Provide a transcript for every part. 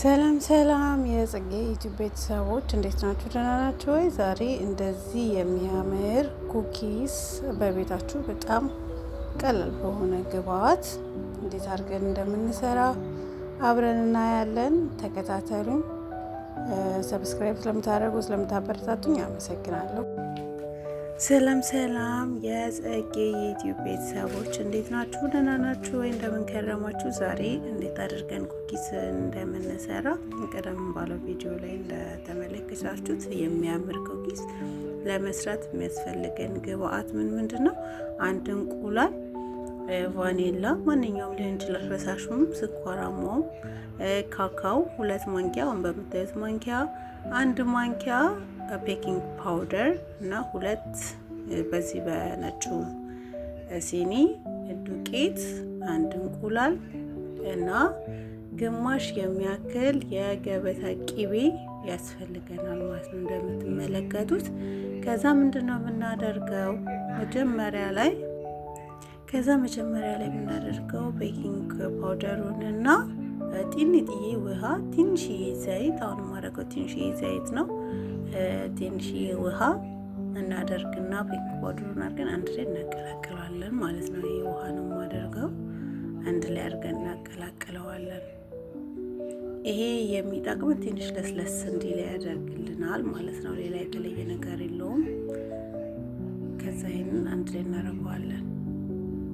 ሰላም ሰላም የጽጌ ዩቲዩብ ቤተሰቦች እንዴት ናችሁ? ደህና ናችሁ ወይ? ዛሬ እንደዚህ የሚያምር ኩኪስ በቤታችሁ በጣም ቀላል በሆነ ግብአት እንዴት አድርገን እንደምንሰራ አብረን እናያለን። ተከታተሉ። ሰብስክራይብ ስለምታደርጉ ስለምታበረታቱኝ አመሰግናለሁ። ሰላም ሰላም የጽጌ የዩቲዩብ ቤተሰቦች እንዴት ናችሁ? ደህና ናችሁ ወይ? እንደምንከረማችሁ። ዛሬ እንዴት አድርገን ኩኪስ እንደምንሰራ ቀደም ባለው ቪዲዮ ላይ እንደተመለከታችሁት የሚያምር ኩኪስ ለመስራት የሚያስፈልገን ግብአት ምን ምንድን ነው? አንድ እንቁላል ቫኔላ፣ ማንኛውም ሊሆን ይችላል ፈሳሹም፣ ስኳራማውም፣ ካካው ሁለት ማንኪያ አሁን በምታዩት ማንኪያ፣ አንድ ማንኪያ ቤኪንግ ፓውደር እና ሁለት በዚህ በነጩ ሲኒ ዱቄት፣ አንድ እንቁላል እና ግማሽ የሚያክል የገበታ ቂቤ ያስፈልገናል ማለት ነው እንደምትመለከቱት። ከዛ ምንድን ነው የምናደርገው መጀመሪያ ላይ ከዛ መጀመሪያ ላይ የምናደርገው ቤኪንግ ፓውደሩን እና ጢንጥዬ ውሃ፣ ትንሽዬ ዘይት። አሁን የማደርገው ትንሽዬ ዘይት ነው። ትንሽዬ ውሃ እናደርግና ቤኪንግ ፓውደሩን አድርገን አንድ ላይ እናቀላቅለዋለን ማለት ነው። ይህ ውሃ ነው የማደርገው። አንድ ላይ አድርገን እናቀላቅለዋለን። ይሄ የሚጠቅም ትንሽ ለስለስ እንዲል ያደርግልናል ማለት ነው። ሌላ የተለየ ነገር የለውም። ከዛ ይህንን አንድ ላይ እናደርገዋለን።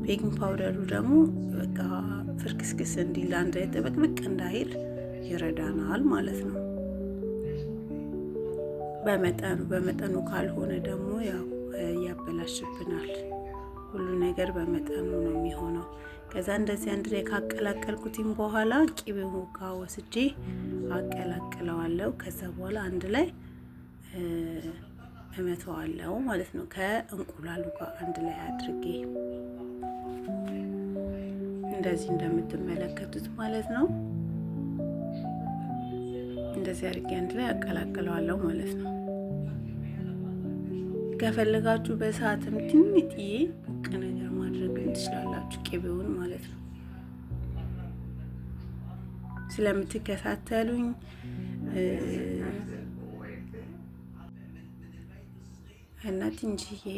ቤኪንግ ፓውደሩ ደግሞ በቃ ፍርክስክስ እንዲል አንድ ላይ ጥብቅብቅ እንዳይል ይረዳናል ማለት ነው። በመጠኑ በመጠኑ ካልሆነ ደግሞ ያው ያበላሽብናል። ሁሉ ነገር በመጠኑ ነው የሚሆነው። ከዛ እንደዚህ አንድ ላይ ካቀላቀልኩትም በኋላ ቂቤው ጋር ወስጄ አቀላቅለዋለሁ። ከዛ በኋላ አንድ ላይ እመተዋለሁ ማለት ነው ከእንቁላሉ ጋር አንድ ላይ አድርጌ እንደዚህ እንደምትመለከቱት ማለት ነው። እንደዚህ አድርጌ አንድ ላይ አቀላቅለዋለሁ ማለት ነው። ከፈለጋችሁ በሰዓትም ትንጥዬ ቡቅ ነገር ማድረግ ትችላላችሁ፣ ቅቤውን ማለት ነው። ስለምትከታተሉኝ እና ትንሽዬ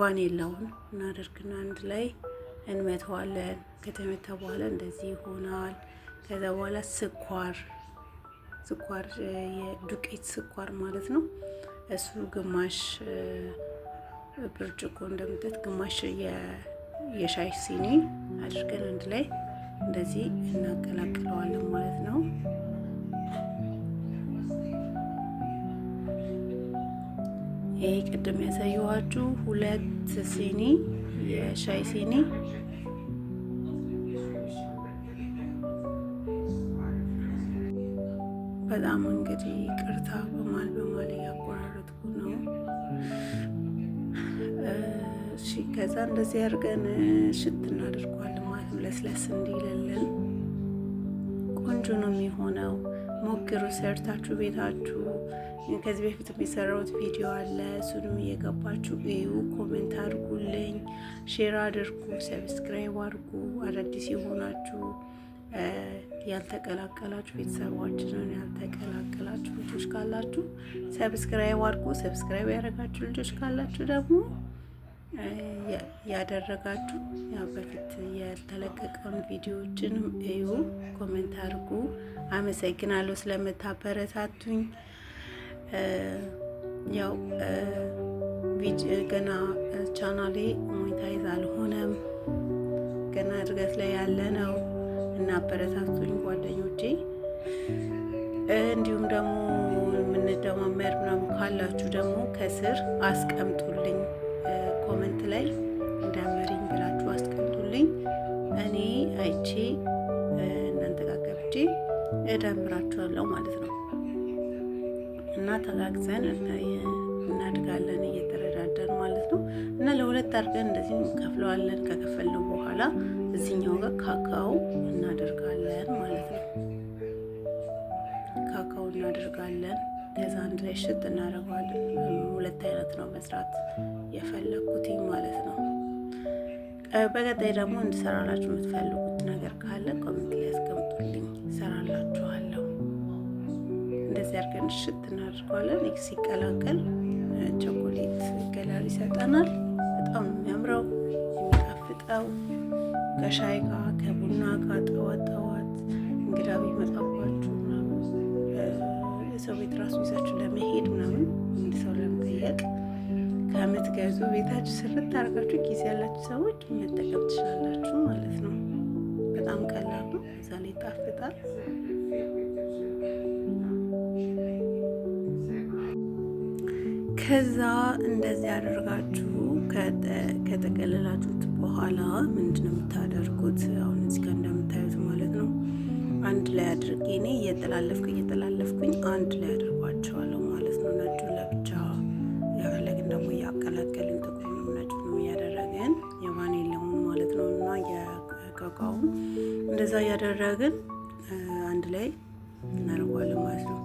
ቫኔላውን እናደርግና አንድ ላይ እንመተዋለን። ከተመታ በኋላ እንደዚህ ይሆናል። ከዛ በኋላ ስኳር ስኳር የዱቄት ስኳር ማለት ነው። እሱ ግማሽ ብርጭቆ እንደምታዩት ግማሽ የሻይ ሲኒ አድርገን አንድ ላይ እንደዚህ እናቀላቅለዋለን ማለት ነው። ይሄ ቅድም ያሳየኋችሁ ሁለት ሲኒ የሻይ ሲኒ በጣም እንግዲህ ቅርታ በማል በማል እያቆራረጥኩ ነው። እሺ፣ ከዛ እንደዚህ አድርገን ሽት እናደርጓለን ማለት ነው፣ ለስለስ እንዲለለን ቆንጆ ነው የሚሆነው። ሞክሩ ሰርታችሁ ቤታችሁ። ከዚህ በፊት የሰራሁት ቪዲዮ አለ፣ እሱንም እየገባችሁ እዩ፣ ኮሜንት አድርጉልኝ፣ ሼር አድርጉ፣ ሰብስክራይብ አድርጉ። አዳዲስ የሆናችሁ ያልተቀላቀላችሁ ቤተሰባችንን ያልተቀላቀላችሁ ልጆች ካላችሁ ሰብስክራይብ አድርጉ። ሰብስክራይብ ያደረጋችሁ ልጆች ካላችሁ ደግሞ ያደረጋችሁ ያው በፊት ያልተለቀቀውን ቪዲዮዎችን እዩ፣ ኮሜንት አድርጉ። አመሰግናለሁ ስለምታበረታቱኝ። ያው ገና ቻናሌ ሞኔታይዝ አልሆነም፣ ገና እድገት ላይ ያለ ነው እና አበረታቱኝ ጓደኞቼ። እንዲሁም ደግሞ የምንደማመር ምናምን ካላችሁ ደግሞ ከስር አስቀምጡልኝ። ሰዓት ላይ እንዳመሪኝ ብላችሁ አስቀምጡልኝ። እኔ አይቼ እናንተ ጋር ገብቼ እዳምራችኋለሁ ማለት ነው እና ተጋግዘን እናድጋለን እየተረዳዳን ማለት ነው እና ለሁለት አድርገን እንደዚህ ከፍለዋለን። ከከፈልነው በኋላ እዚህኛው ጋር ካካው እናደርጋለን ማለት ነው። ካካው እናደርጋለን ከዛ አንድ ላይ ሽጥ እናደርገዋለን። ሁለት አይነት ነው መስራት የፈለግኩትኝ ማለት ነው። በቀጣይ ደግሞ እንድሰራላችሁ የምትፈልጉት ነገር ካለ ኮሜንት ላይ ያስቀምጡልኝ፣ ሰራላችኋለሁ። እንደዚህ አድርገን ሽት እናድርገዋለን። ሲቀላቀል ቸኮሌት ከለር ይሰጠናል። በጣም የሚያምረው የሚጣፍጠው። ከሻይ ጋር ከቡና ጋር ጠዋት ጠዋት እንግዳ ቢመጣባችሁ ምናምን ሰው ቤት ራሱ ይዛችሁ ለመሄድ ምናምን እንዲሰው ለመጠየቅ ከምትገዙ ቤታችሁ ስርት አድርጋችሁ ጊዜ ያላችሁ ሰዎች መጠቀም ትችላላችሁ ማለት ነው። በጣም ቀላሉ እዛ ላይ ይጣፍጣል። ከዛ እንደዚህ ያደርጋችሁ ከጠቀለላችሁት በኋላ ምንድን ነው የምታደርጉት? አሁን እዚህ ጋር እንደምታዩት ማለት ነው አንድ ላይ አድርጌ እኔ እየጠላለፍኩ እየጠላለፍኩኝ አንድ ላይ አድርጓቸዋለሁ። ደግሞ እያቀላቀልን ጥቁሩን ነው እያደረግን የማን የለውን ማለት ነው እና የቀቃውን እንደዛ እያደረግን አንድ ላይ እናደርጓለን ማለት ነው።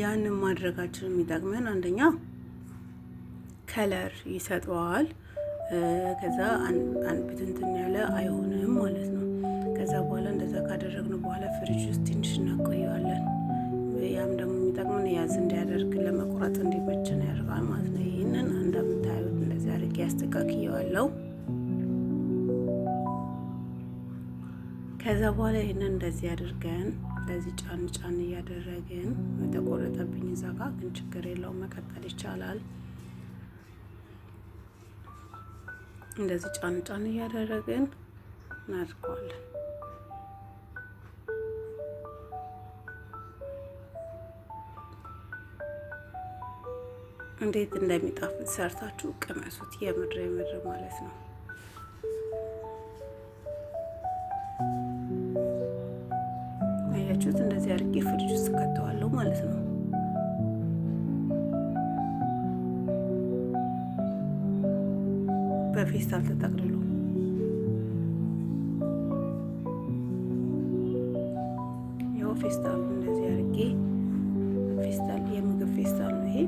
ያንን ማድረጋችን የሚጠቅመን አንደኛ ከለር ይሰጠዋል። ከዛ አንድ ብትንትን ያለ አይሆንም ማለት ነው። ከዛ በኋላ እንደዛ ካደረግነው በኋላ ፍሪጅ ውስጥ ትንሽ እናቆየዋለን። ያም ደግሞ የሚጠቅመን ያዝ እንዲያደርግ ለመቁረጥ እንዲመችን ያደርግ አድርጌ አስተካክየዋለሁ። ከዛ በኋላ ይህንን እንደዚህ አድርገን እንደዚህ ጫን ጫን እያደረግን የተቆረጠብኝ እዛ ግን ችግር የለውም መቀጠል ይቻላል። እንደዚህ ጫን ጫን እያደረግን እናድርገዋለን። እንዴት እንደሚጣፍጥ ሰርታችሁ ቅመሱት። የምድር የምድር ማለት ነው። አያችሁት? እንደዚህ አድርጌ ፍሪጅ ውስጥ ከተዋለሁ ማለት ነው። በፌስታል ተጠቅልሎ ያው ፌስታሉ እንደዚህ አድርጌ ፌስታል የምግብ ፌስታል ነው ይሄ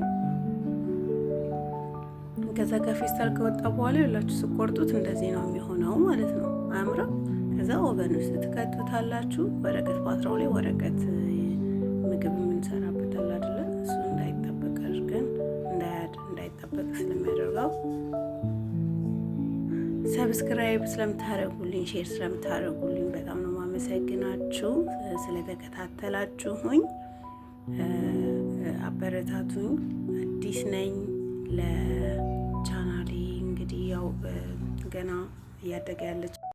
ከዛ ከፌስታል ከወጣ በኋላ ሁላችሁ ስቆርጡት እንደዚህ ነው የሚሆነው ማለት ነው። አያምርም? ከዛ ኦቨን ውስጥ ትከቱታላችሁ። ወረቀት ፓትራው ላይ ወረቀት ምግብ አለ አይደለ? እሱ እንዳይጠበቅ አድርገን እንዳይጠበቅ ስለሚያደርገው ሰብስክራይብ ስለምታደርጉልኝ ሼር ስለምታደርጉልኝ በጣም ነው ማመሰግናችሁ። ስለተከታተላችሁኝ አበረታቱኝ። አዲስ ነኝ ለ ቻናሌ እንግዲህ ያው ገና እያደገ ያለች